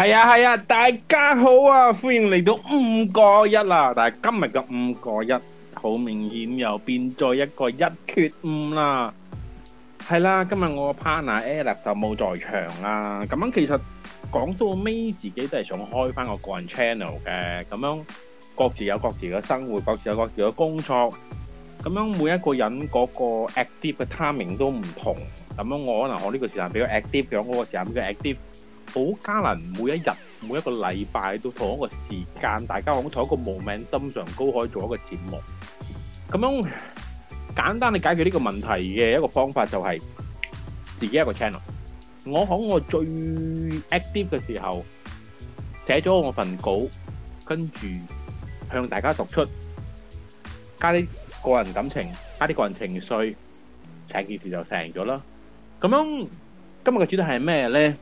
係啊係啊，大家好啊，歡迎嚟到五個一啦。但係今日嘅五個一，好明顯又變咗一個一缺五啦。係啦、啊，今日我 partner Alan 就冇在場啦。咁樣其實講到尾，自己都係想開翻個,個個人 channel 嘅。咁樣各自有各自嘅生活，各自有各自嘅工作。咁樣每一個人嗰個 active 嘅 timing 都唔同。咁樣我可能我呢個時間比較 active，響嗰個時間比較 active。好艱難，每一日每一個禮拜都同一個時間，大家響同一個 moment 登上高可以做一個節目。咁樣簡單地解決呢個問題嘅一個方法就係自己一個 channel。我響我最 active 嘅時候寫咗我份稿，跟住向大家讀出，加啲個人感情，加啲個人情緒，成件事就成咗啦。咁樣今日嘅主題係咩咧？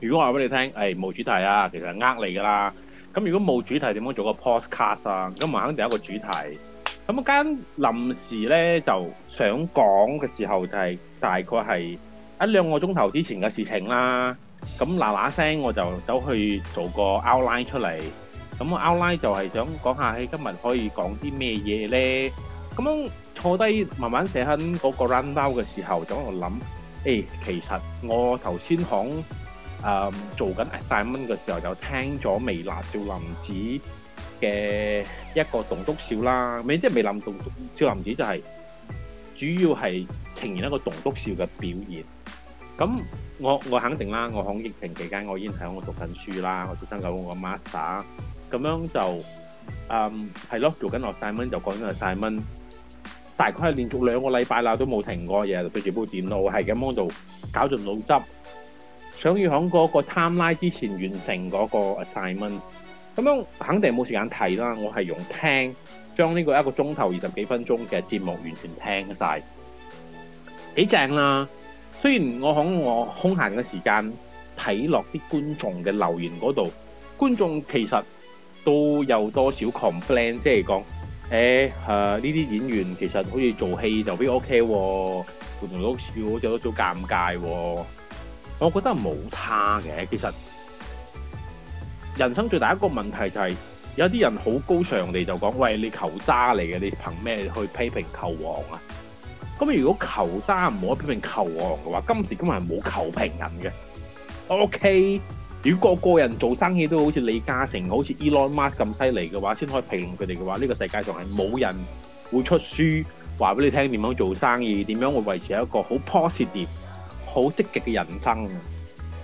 如果我話俾你聽，誒冇主題啊，其實係呃你噶啦。咁如果冇主題，點樣做個 podcast 啊？今日肯定有一個主題。咁間臨時咧，就想講嘅時候，就係大概係一兩個鐘頭之前嘅事情啦。咁嗱嗱聲，我就走去做個 outline 出嚟。咁 outline 就係想講下，今日可以講啲咩嘢咧。咁樣坐低慢慢寫緊嗰個 runout 嘅時候，就喺度諗。誒，其實我頭先講。誒做緊誒曬蚊嘅時候，就聽咗《微辣笑林寺》嘅一個棟篤笑啦。咪即係《微辣棟篤笑林寺》，就係主要係呈現一個棟篤笑嘅表現。咁我我肯定啦，我響疫情期間，我已經響我讀緊書啦，我做緊我 Master，咁樣就誒係咯，做緊落曬蚊就講緊落曬蚊。大概連續兩個禮拜啦，都冇停過，日日對住部電腦，係咁樣做，搞盡腦汁。想要喺嗰個 timeline 之前完成嗰個 assignment，咁樣肯定冇時間睇啦。我係用聽將呢個一個鐘頭二十幾分鐘嘅節目完全聽晒，幾正啦！雖然我喺我空閒嘅時間睇落啲觀眾嘅留言嗰度，觀眾其實都有多少 complain，即係講誒啊、欸、呢啲、呃、演員其實好似做戲就比 OK 喎，仲有少少尷尬喎。我覺得冇他嘅，其實人生最大一個問題就係、是，有啲人好高尚地就講，喂，你求渣嚟嘅，你憑咩去批評球王啊？咁如果球渣唔可以批評球王嘅話，今時今日冇球評人嘅。O、okay? K，如果個個人做生意都好似李嘉誠、好似 Elon Musk 咁犀利嘅話，先可以評論佢哋嘅話，呢、這個世界上係冇人會出書話俾你聽點樣做生意，點樣會維持一個好 positive。好積極嘅人生，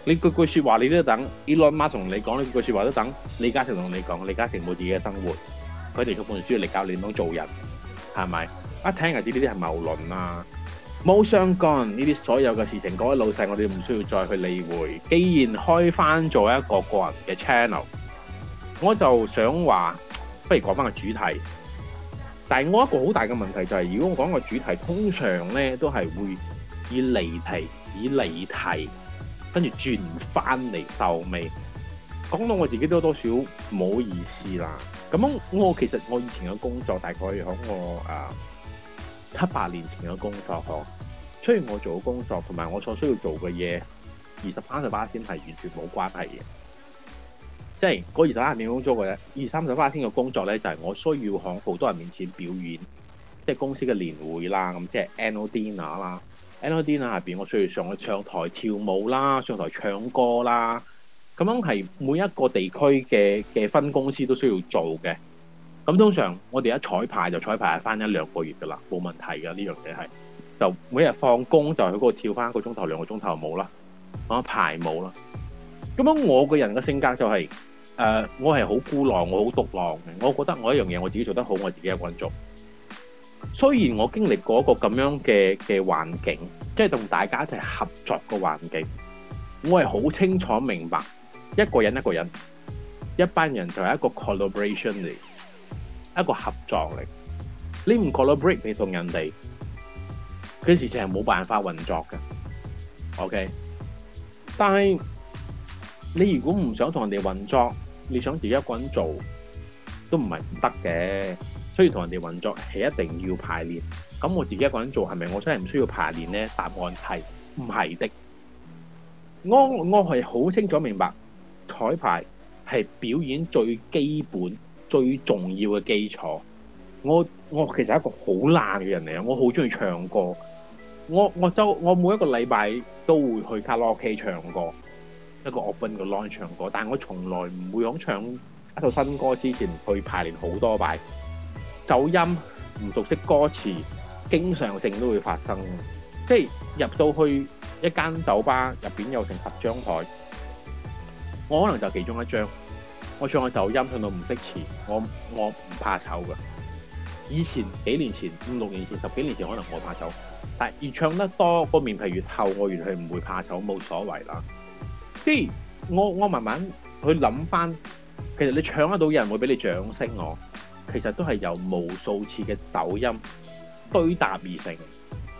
你句句説話你都等，你老媽同你講呢句説話都等，李嘉誠同你講李嘉誠冇自己嘅生活，佢哋嗰本書嚟教你點樣做人，係咪？一聽就知呢啲係謬論啊，冇相干，呢啲所有嘅事情，各位老細，我哋唔需要再去理會。既然開翻做一個個人嘅 channel，我就想話，不如講翻個主題。但係我一個好大嘅問題就係、是，如果我講個主題，通常咧都係會以離題。以離題，跟住轉翻嚟壽眉。講到，到我自己都多少唔好意思啦。咁我其實我以前嘅工，、uh, 工作，大概響我啊七八年前嘅工作呵。雖然我做嘅工作同埋我所需要做嘅嘢，二十三十巴仙係完全冇關係嘅。即係嗰二十萬秒鐘嘅嘢，二三十巴仙嘅工作咧，作就係我需要向好多人面前表演，即係公司嘅年會啦，咁即係 annual dinner 啦。L.O.D. 啦，下邊我需要上去唱台跳舞啦，上台唱歌啦，咁樣係每一個地區嘅嘅分公司都需要做嘅。咁通常我哋一彩排就彩排翻一兩個月噶啦，冇問題噶呢樣嘢係。就每日放工就去嗰度跳翻個鐘頭兩個鐘頭舞啦，啊排舞啦。咁樣我個人嘅性格就係、是，誒、呃、我係好孤狼，我好獨狼嘅。我覺得我一樣嘢我自己做得好，我自己一個人做。雖然我經歷過一個咁樣嘅嘅環境，即係同大家一齊合作嘅環境，我係好清楚明白，一個人一個人，一班人就係一個 collaboration 嚟，一個合作嚟。你唔 collaborate 你同人哋，佢事情係冇辦法運作嘅。OK，但係你如果唔想同人哋運作，你想自己一個人做，都唔係唔得嘅。需要同人哋運作，係一定要排練。咁我自己一個人做係咪我真係唔需要排練呢？答案係唔係的。我我係好清楚明白彩排係表演最基本最重要嘅基礎。我我其實係一個好懶嘅人嚟啊！我好中意唱歌。我我就我每一個禮拜都會去卡拉 OK 唱歌，一個 open 嘅 line 唱歌。但我從來唔會響唱一套新歌之前去排練好多擺。走音，唔熟悉歌詞，經常性都會發生。即係入到去一間酒吧入邊有成十張台，我可能就其中一張，我唱去走音唱到唔識詞，我我唔怕醜嘅。以前幾年前、五六年前、十幾年前，可能我怕醜，但係越唱得多個面皮越厚，我越係唔會怕醜，冇所謂啦。即係我我慢慢去諗翻，其實你唱得到有人會俾你掌聲我。其實都係由無數次嘅走音堆疊而成，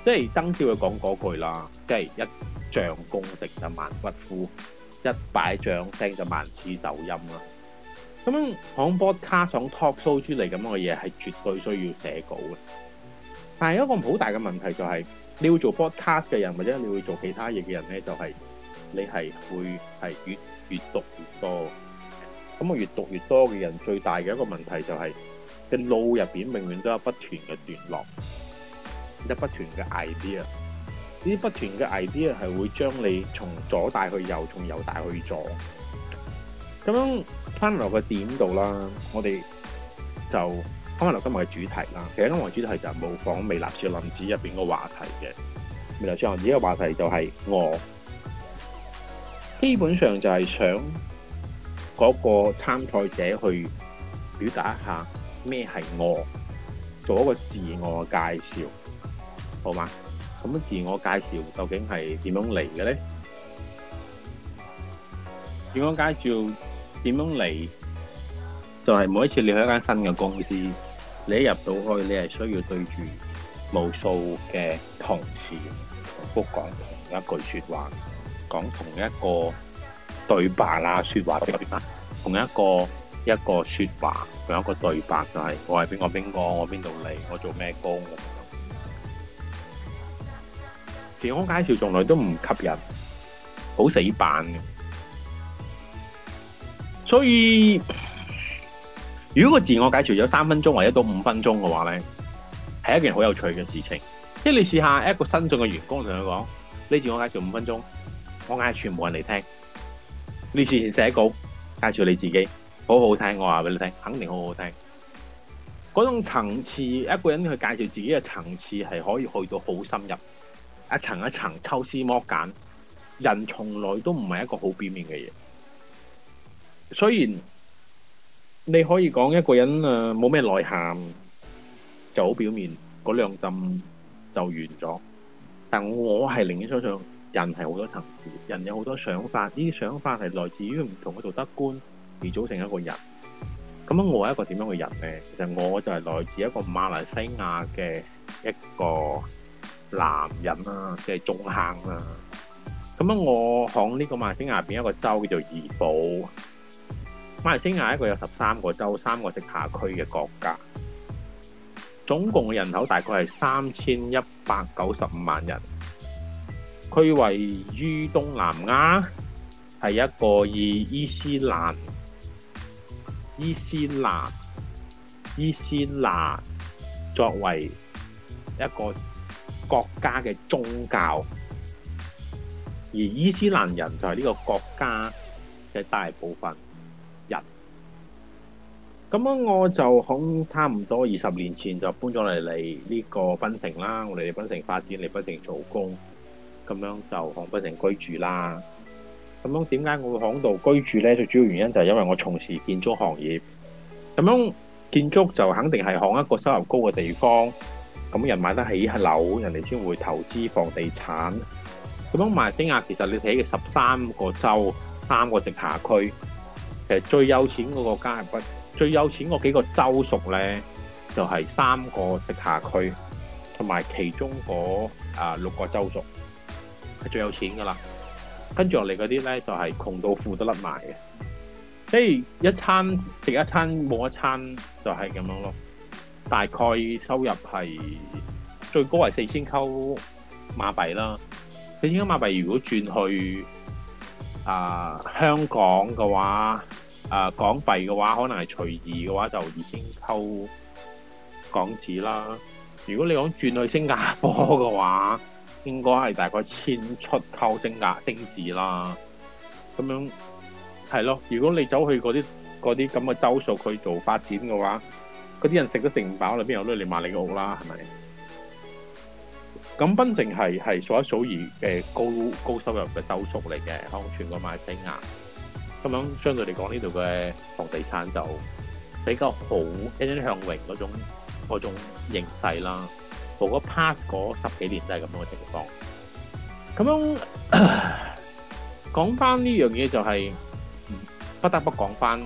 即係曾少佢講嗰句啦，即係一仗功成就萬骨枯，一擺掌聲就萬次走音啦。咁樣講 podcast、講 talk show 出嚟咁嘅嘢係絕對需要寫稿嘅。但係一個好大嘅問題就係、是，你要做 broadcast 嘅人或者你要做其他嘢嘅人咧、就是，就係你係會係越越讀越多。咁我越讀越多嘅人，最大嘅一個問題就係、是。嘅路入邊，永遠都有不斷嘅段落，有不斷嘅 idea。呢啲不斷嘅 idea 係會將你從左帶去右，從右帶去左。咁樣翻落個點度啦，我哋就翻翻落今日嘅主題啦。其實今日嘅主題就係模仿《微辣笑林寺》入邊個話題，嘅《微辣笑林寺》嘅話題就係、是、我基本上就係想嗰個參賽者去表達一下。咩係我？做一個自我介紹，好嗎？咁啊，自我介紹究竟係點樣嚟嘅咧？點樣介紹？點樣嚟？就係每一次你去一間新嘅公司，你一入到去，你係需要對住無數嘅同事，復講同一句説話，講同一個對白啦，説話畀，同一個。一個說話仲有一個對白就係、是、我係邊個邊個，我邊度嚟，我做咩工咁樣。自我，我介紹從來都唔吸引，好死板嘅，所以如果個自我介紹有三分鐘或者到五分鐘嘅話咧，係一件好有趣嘅事情。即係你試下一個新進嘅員工同佢講，你自我介紹五分鐘，我嗌全部人嚟聽。你之前寫稿介紹你自己。好好聽，我話俾你聽，肯定好好聽。嗰種層次，一個人去介紹自己嘅層次，係可以去到好深入，一層一層抽絲剝繭。人從來都唔係一個好表面嘅嘢，雖然你可以講一個人誒冇咩內涵就好表面，嗰兩浸就完咗。但我係寧願相信人係好多層次，人有好多想法，呢啲想法係來自於唔同嘅道德觀。而組成一個人咁樣。我係一個點樣嘅人呢？其實我就係來自一個馬來西亞嘅一個男人啦、啊，即係中坑啦、啊。咁樣我響呢個馬來西亞入邊一個州叫做怡保。馬來西亞一個有十三個州、三個直轄區嘅國家，總共嘅人口大概係三千一百九十五萬人。佢位於東南亞，係一個以伊斯蘭。伊斯蘭，伊斯蘭作為一個國家嘅宗教，而伊斯蘭人就係呢個國家嘅大部分人。咁樣我就響差唔多二十年前就搬咗嚟嚟呢個檳城啦，我哋嚟檳城發展，嚟檳城做工，咁樣就響檳城居住啦。咁樣點解我會響度居住咧？最主要原因就係因為我從事建築行業。咁樣建築就肯定係響一個收入高嘅地方。咁人買得起樓，人哋先會投資房地產。咁樣馬來西亞其實你睇嘅十三個州、三個直轄區，其實最有錢嘅國家係乜？最有錢嗰幾個州屬咧，就係、是、三個直轄區同埋其中嗰啊六個州屬係最有錢㗎喇。跟住我哋嗰啲咧，就係窮到褲都甩埋嘅，即係一餐食一餐，冇一餐就係咁樣咯。大概收入係最高係四千溝馬幣啦。四千溝馬幣如果轉去啊、呃、香港嘅話，啊、呃、港幣嘅話可能係隨意嘅話就二千溝港紙啦。如果你講轉去新加坡嘅話，應該係大概千出溝精額精緻啦，咁樣係咯。如果你走去嗰啲嗰啲咁嘅州屬去做發展嘅話，嗰啲人食都食唔飽裏啦，邊有都嚟買你個屋啦？係咪？咁檳城係係數一數二嘅高高收入嘅州屬嚟嘅，可能全國馬來西亞。咁樣相對嚟講，呢度嘅房地產就比較好欣欣向榮嗰種嗰種形勢啦。嗰 part 嗰十幾年都係咁樣嘅情況。咁樣講翻呢樣嘢就係不得不講翻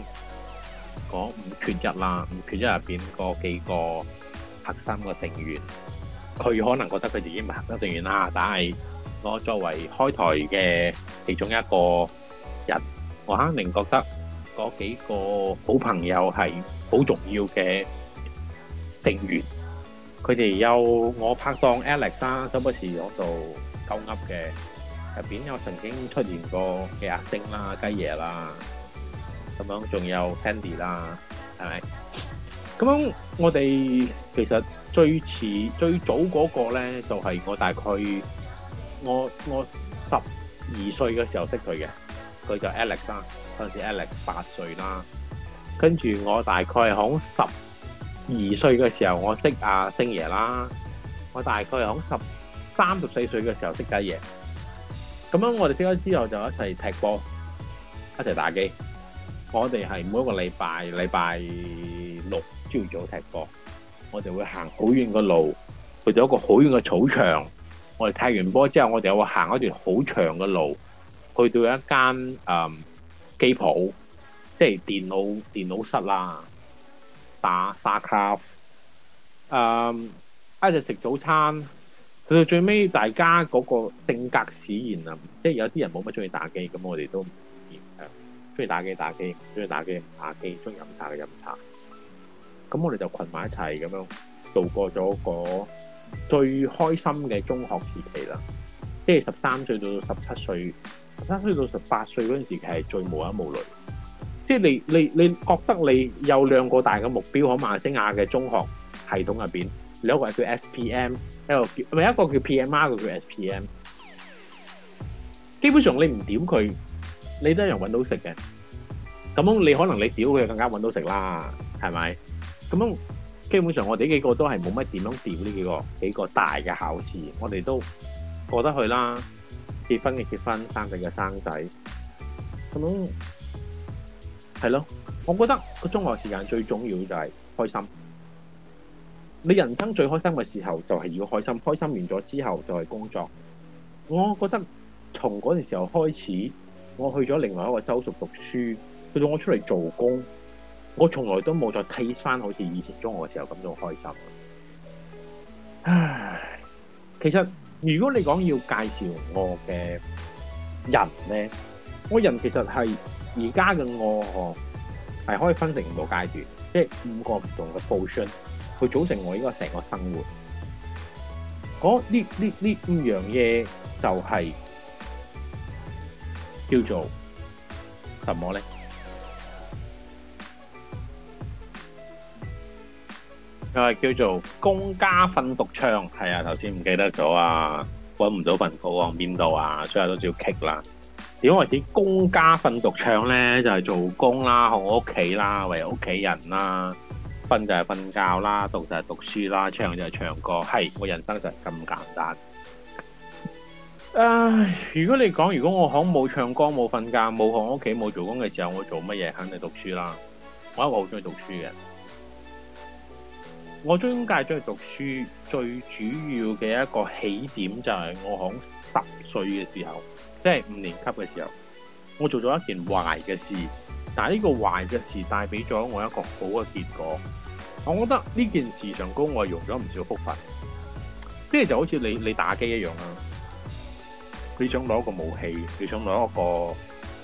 嗰五缺一啦。五缺一入邊嗰幾個核心嘅成員，佢可能覺得佢自己唔係核心成員啦。但係我作為開台嘅其中一個人，我肯定覺得嗰幾個好朋友係好重要嘅成員。佢哋有我拍檔 Alex 啊，嗰陣時我做鳩噏嘅入面有曾經出現過嘅阿星啦、雞爺啦，咁樣仲有 Candy 啦，係咪？咁樣我哋其實最遲最早嗰個咧，就係、是、我大概我我十二歲嘅時候識佢嘅，佢就 Alex 啦、啊，嗰陣時 Alex 八歲啦，跟住我大概響十二歲嘅時候，我識阿、啊、星爺啦。我大概響十三十四歲嘅時候識仔爺。咁樣我哋識咗之後，就一齊踢波，一齊打機。我哋係每一個禮拜禮拜六朝早踢波，我哋會行好遠嘅路，去到一個好遠嘅草場。我哋踢完波之後，我哋又會行一段好長嘅路，去到一間誒機鋪，即係電腦電腦室啦。打沙卡，誒一齊食早餐，到最尾大家嗰個性格使然啊！即係有啲人冇乜中意打機，咁我哋都唔見誒，中、嗯、意打機打機，中意打機打機，中意飲茶嘅飲茶。咁我哋就群埋一齊咁樣度過咗嗰最開心嘅中學時期啦。即係十三歲到十七歲，十三歲到十八歲嗰陣時期係最無憂無慮。即係你你你覺得你有兩個大嘅目標，喺馬來西亞嘅中學系統入邊，兩個係叫 S P M，一個叫唔係一個叫,叫 P M R，一個叫 S P M。基本上你唔屌佢，你都有人揾到食嘅。咁你可能你屌佢更加揾到食啦，係咪？咁樣基本上我哋幾個都係冇乜點樣調呢幾個幾個大嘅考試，我哋都過得去啦。結婚嘅結婚，生仔嘅生仔，咁樣。係咯，我覺得個中學時間最重要就係開心。你人生最開心嘅時候就係要開心，開心完咗之後就係工作。我覺得從嗰陣時候開始，我去咗另外一個州屬讀書，去到我出嚟做工，我從來都冇再 taste 翻，好似以前中學嘅時候咁樣開心。唉，其實如果你講要介紹我嘅人咧，我人其實係。而家嘅我係可以分成五個階段，即係五個唔同嘅 portion，去組成我依家成個生活。嗰呢呢呢五樣嘢就係、是、叫做什麼咧？就係、是、叫做公家瞓讀槍。係啊，頭先唔記得咗啊，揾唔到份工往邊度啊，所以都照 kick 啦。點為之工家瞓讀唱呢？就係、是、做工啦，學我屋企啦，為屋企人啦，瞓就係瞓覺啦，讀就係讀書啦，唱就係唱歌，係我人生就係咁簡單。唉、uh,，如果你講如果我響冇唱歌冇瞓覺冇學我屋企冇做工嘅時候，我做乜嘢肯定讀書啦。我一個好中意讀書嘅，我中界中意讀書最主要嘅一個起點就係我響十歲嘅時候。即係五年級嘅時候，我做咗一件壞嘅事，但係呢個壞嘅事帶俾咗我一個好嘅結果。我覺得呢件事上高我係用咗唔少福分，即係就好似你你打機一樣啊，你想攞個武器，你想攞一個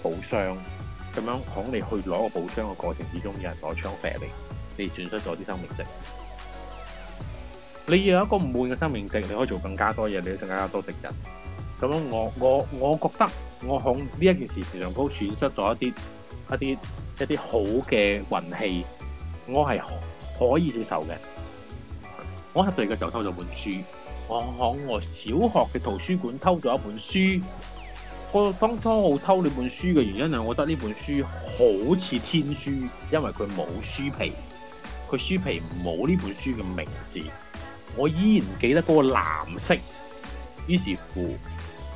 寶箱，咁樣可能你去攞個寶箱嘅過程之中，有人攞槍射你，你損失咗啲生命值。你要有一個唔滿嘅生命值，你可以做更加多嘢，你要更加多敵人。咁我我我覺得我響呢一件事情上高損失咗一啲一啲一啲好嘅運氣，我係可以接受嘅。我入嚟嘅時候偷咗本書，我響我小學嘅圖書館偷咗一本書。我當初我偷呢本書嘅原因係，我覺得呢本書好似天書，因為佢冇書皮，佢書皮冇呢本書嘅名字，我依然記得嗰個藍色。於是乎。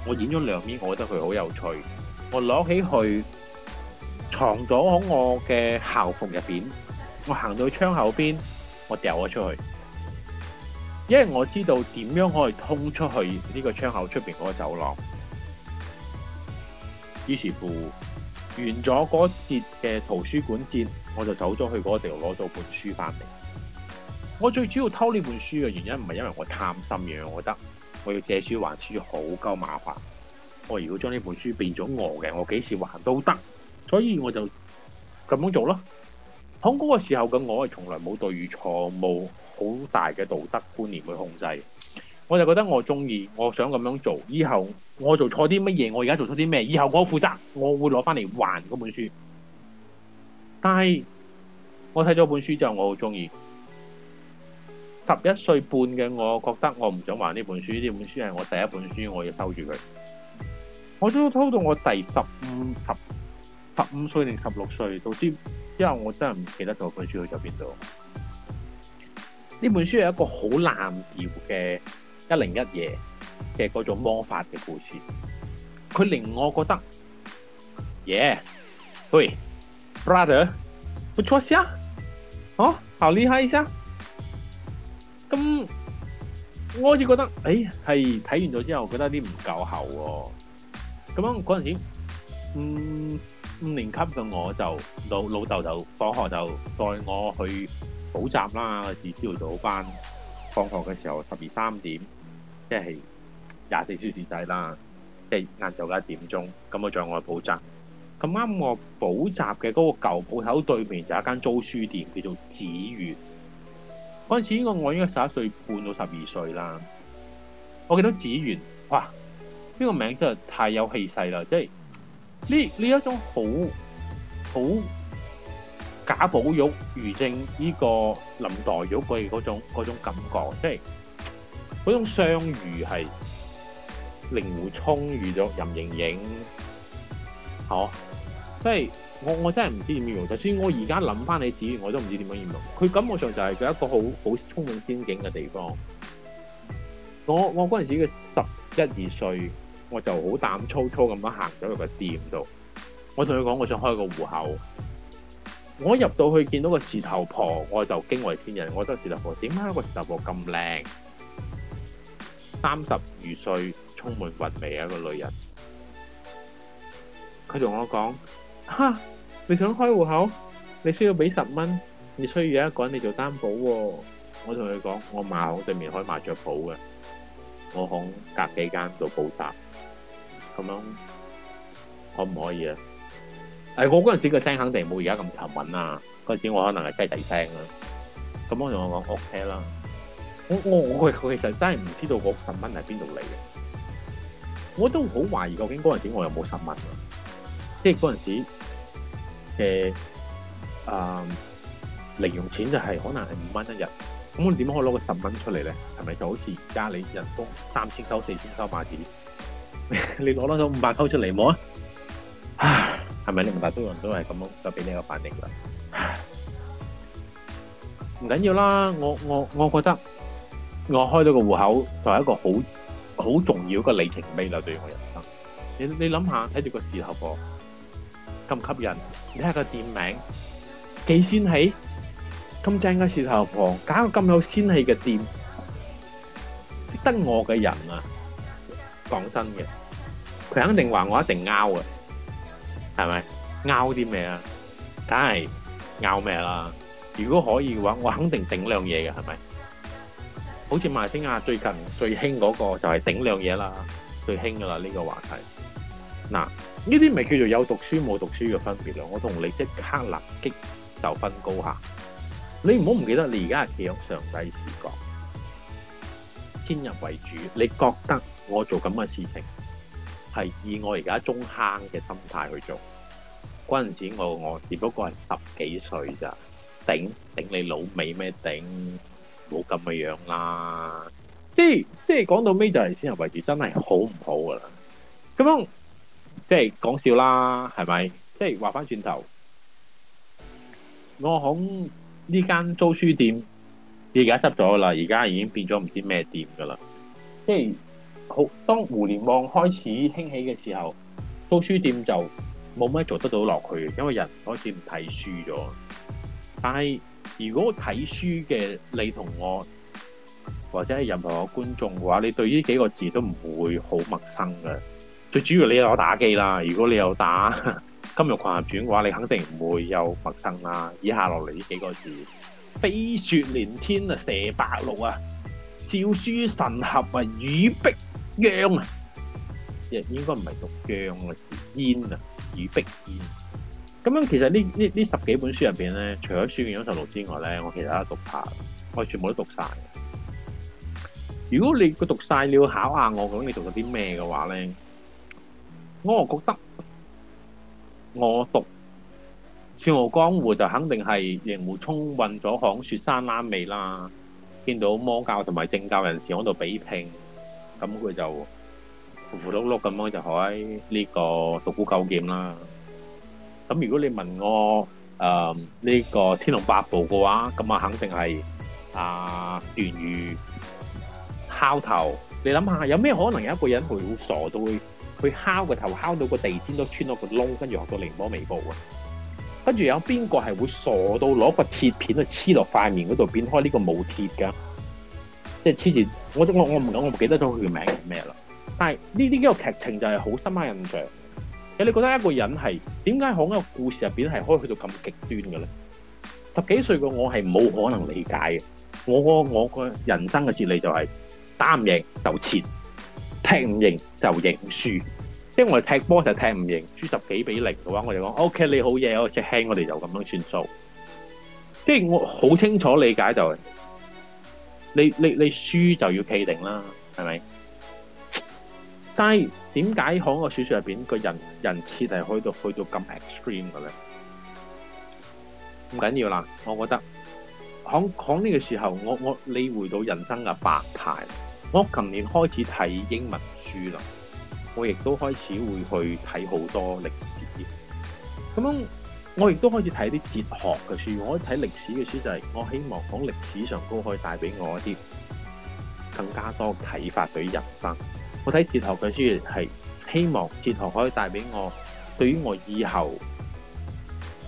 我演咗兩面，我覺得佢好有趣。我攞起佢藏咗喺我嘅校服入面。我行到去窗口邊，我掉咗出去。因為我知道點樣可以通出去呢個窗口出面嗰個走廊。於是乎完咗嗰節嘅圖書館節，我就走咗去嗰度攞到本書返嚟。我最主要偷呢本書嘅原因，唔係因為我貪心嘅，我覺得。我要借書還書好夠麻煩，我如果將呢本書變咗我嘅，我幾時還都得，所以我就咁樣做咯。喺嗰個時候嘅，我係從來冇對與錯，冇好大嘅道德觀念去控制，我就覺得我中意，我想咁樣做。以後我做錯啲乜嘢，我而家做出啲咩，以後我負責，我會攞翻嚟還嗰本書。但係我睇咗本書之後，我好中意。十一歲半嘅，我覺得我唔想還呢本書。呢本書係我第一本書，我要收住佢。我都偷到我第十五十十五歲定十六歲，到之，之後我真係唔記得咗本書去咗邊度。呢本書係一個好難調嘅一零一夜嘅嗰種魔法嘅故事。佢令我覺得，耶，喂，rather 不錯下，哦 Yeah. Hey, Brother.，好厲害一下。 我開始覺得，誒，係睇完咗之後，覺得啲唔夠喉、哦。咁樣嗰陣時，五、嗯、五年級嘅我就老老豆就放學就帶我去補習啦，自朝早班。放學嘅時候十二三點，即係廿四小時制啦，即係晏晝嘅一點鐘。咁我再外補習。咁啱，我補習嘅嗰個舊鋪頭對面就有一間租書店，叫做紫月。嗰陣時，依我應該十一歲半到十二歲啦。我記得紫媛，哇！呢個名真係太有氣勢啦，即係呢，呢一種好好賈寶玉餘正呢個林黛玉佢嘅嗰種感覺，即係嗰種相遇係令狐沖遇咗任盈盈，好、啊，即係。我我真係唔知點形容，就算我而家諗翻你自己，我都唔知點樣形容。佢感覺上就係佢一個好好充滿仙境嘅地方。我我嗰陣時嘅十一二歲，我就好膽粗粗咁樣行咗入個店度。我同佢講，我想開一個戶口。我入到去見到個事頭婆，我就驚為天人。我覺得事頭婆點解個事頭婆咁靚？三十二歲，充滿韻味嘅一個女人。佢同我講。哈！你想開戶口？你需要俾十蚊，你需要有一個人你做擔保喎、哦。我同佢講，我麻行對面開麻雀鋪嘅，我行隔幾間做補習，咁樣可唔可以、哎、啊？誒，我嗰陣時個聲肯定冇而家咁沉穩啦。嗰陣時我可能係雞仔聲啦。咁我同我講，OK 啦。我我我，我其實真係唔知道嗰十蚊係邊度嚟嘅。我都好懷疑究竟嗰陣時我有冇十蚊啊。即係嗰陣時。嘅啊，零用錢就係可能係五蚊一日，咁我點可以攞個十蚊出嚟咧？係咪就好似而家你人工三千收四千收八紙，你攞多咗五百收出嚟冇啊？係咪你唔大多人都係咁咯？就俾你一個反應啦。唔緊要啦，我我我覺得我開到個戶口就係一個好好重要一個里程碑啦，對於我人生。你你諗下睇住個視頭噃。咁吸引，你睇下個店名幾仙氣，咁正嘅舌頭婆搞個咁有仙氣嘅店，識得我嘅人啊！講真嘅，佢肯定話我一定拗啊，係咪？拗啲咩啊？梗係拗咩啦？如果可以嘅話，我肯定頂兩嘢嘅，係咪？好似馬星亞最近最興嗰個就係頂兩嘢啦，最興噶啦呢個話題。嗱，呢啲咪叫做有讀書冇讀書嘅分別咯。我同你即刻立即就分高下。你唔好唔記得，你而家係企喺上帝視角，先入為主。你覺得我做咁嘅事情係以我而家中坑嘅心態去做，嗰陣時我我只不過係十幾歲咋，頂頂你老味咩頂？冇咁嘅樣啦。即係即係講到尾就係先入為主，真係好唔好噶啦？咁樣。即係講笑啦，係咪？即係話翻轉頭，我響呢間租書店而家執咗啦，而家已經變咗唔知咩店噶啦。即係好當互聯網開始興起嘅時候，租書店就冇乜做得到落去，因為人開始唔睇書咗。但係如果睇書嘅你同我，或者係任何嘅觀眾嘅話，你對呢幾個字都唔會好陌生嘅。最主要你有打機啦，如果你有打《金庸群俠傳》嘅話，你肯定唔會有陌生啦。以下落嚟呢幾個字，飛雪連天啊，射白鹿啊，笑書神俠啊，雨碧鴦啊，應該該唔係讀鴦啊，煙啊，雨碧煙。咁樣其實呢呢呢十幾本書入面咧，除咗《書劍恩仇錄》之外咧，我其實都讀曬，我全部都讀晒。如果你個讀晒，你要考下我，我諗你讀咗啲咩嘅話咧？我覺得我讀《笑傲江湖》就肯定係令狐沖混咗響雪山庵未啦？見到魔教同埋正教人士喺度比拼，咁佢就糊碌碌咁樣就喺呢個獨孤九劍啦。咁如果你問我誒呢個《天龍八部》嘅話，咁啊肯定係阿段譽敲頭。你諗下，有咩可能有一個人會好傻都會？佢敲個頭，敲到個地氈都穿咗個窿，跟住學到凌波微步啊！跟住有邊個係會傻到攞個鐵片去黐落塊面嗰度變開呢個冇鐵噶？即係黐住我我我唔敢，我唔記得咗佢嘅名係咩啦。但係呢呢個劇情就係好深刻印象。你你覺得一個人係點解響一個故事入邊係可以去到咁極端嘅咧？十幾歲嘅我係冇可能理解嘅。我我我個人生嘅哲理就係、是、打唔贏就切。踢唔贏就認輸，即係我哋踢波就踢唔贏，輸十幾比零嘅話，我哋講 O K，你好嘢，我只輕，我哋就咁樣算數。即係我好清楚理解就係，你你你輸就要企定啦，係咪？但係點解喺個小說入邊個人人設係可以到去到咁 extreme 嘅咧？唔緊要啦，我覺得，講講呢個時候，我我理會到人生嘅百態。我近年開始睇英文書啦，我亦都開始會去睇好多歷史，咁樣我亦都開始睇啲哲學嘅書。我一睇歷史嘅書就係我希望講歷史上都可以帶俾我一啲更加多啟發對於人生。我睇哲學嘅書係希望哲學可以帶俾我對於我以後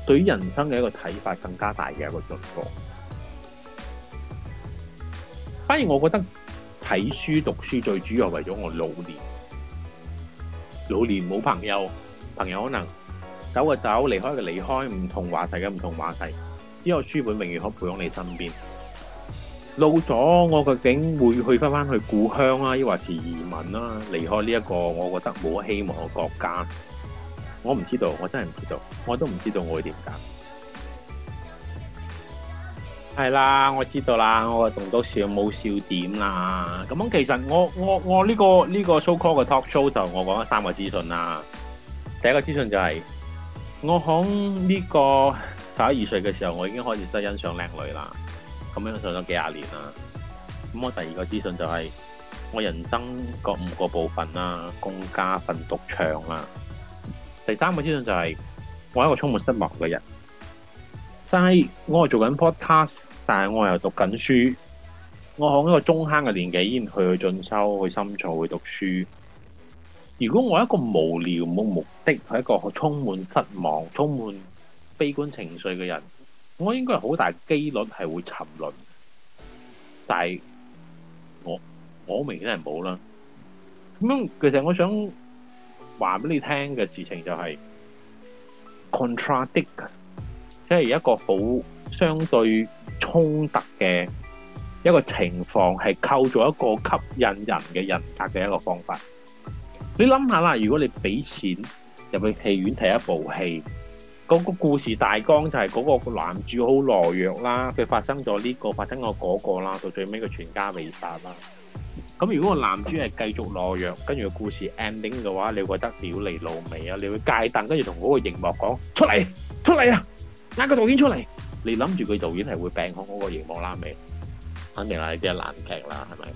對於人生嘅一個睇法更加大嘅一個進步。反而我覺得。睇書讀書，最主要為咗我老年老年冇朋友，朋友可能走就走，離開就離開，唔同話題嘅唔同話題。之為我書本永遠可以陪喺你身邊老咗，我究竟會去翻翻去故鄉啦、啊，抑或是移民啦、啊？離開呢一個我覺得冇希望嘅國家，我唔知道，我真係唔知道，我都唔知道我會點揀。係啦，我知道啦，我仲多笑冇笑點啦。咁其實我我我呢、這個呢、這個 so call 嘅 talk show 就我講咗三個資訊啦。第一個資訊就係、是、我響呢、這個十一二歲嘅時候，我已經開始真係欣賞靚女啦。咁欣賞咗幾廿年啦。咁我第二個資訊就係、是、我人生各五個部分啦：公家訓、獨唱啦。第三個資訊就係、是、我係一個充滿失望嘅人。但係我係做緊 podcast。但係我又讀緊書，我喺一個中坑嘅年紀，依然去去進修，去深造，去讀書。如果我一個無聊冇目的，佢一個充滿失望、充滿悲觀情緒嘅人，我應該好大機率係會沉淪。但係我我明顯係冇啦。咁樣其實我想話俾你聽嘅事情就係、是、Contradict，即係一個好。相對衝突嘅一個情況，係構築一個吸引人嘅人格嘅一個方法。你諗下啦，如果你俾錢入去戲院睇一部戲，嗰個故事大綱就係嗰個男主好懦弱啦，佢發生咗呢個，發生咗嗰個啦，到最尾佢全家未殺啦。咁如果個男主係繼續懦弱，跟住個故事 ending 嘅話，你會覺得屌你老味啊？你會戒凳，跟住同嗰個熒幕講出嚟出嚟啊，拉個導演出嚟。你諗住佢導演係會病好嗰個熒幕啦，未肯定啦，係啲爛劇啦，係咪？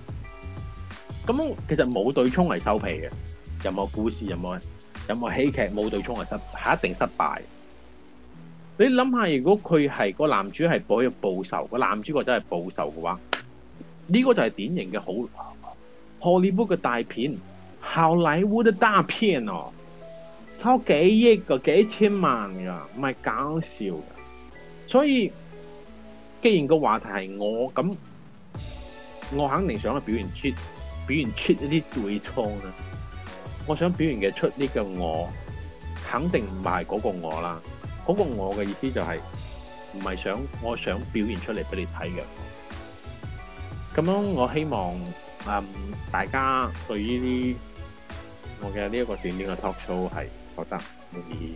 咁其實冇對沖嚟，收皮嘅，任何故事、任何任何戲劇冇對沖係失，係一定失敗。你諗下，如果佢係個男主係去報仇，個男主角真係報仇嘅話，呢個就係典型嘅好荷里活嘅大片，好萊塢的大片哦，收幾億噶、幾千萬噶，唔係搞笑。所以，既然個話題係我咁，我肯定想去表現出表現出一啲對錯啦。我想表現嘅出呢個我，肯定唔係嗰個我啦。嗰、那個我嘅意思就係唔係想我想表現出嚟俾你睇嘅。咁樣我希望誒、呃、大家對於呢我嘅呢一個短短嘅 talk show 係覺得滿意。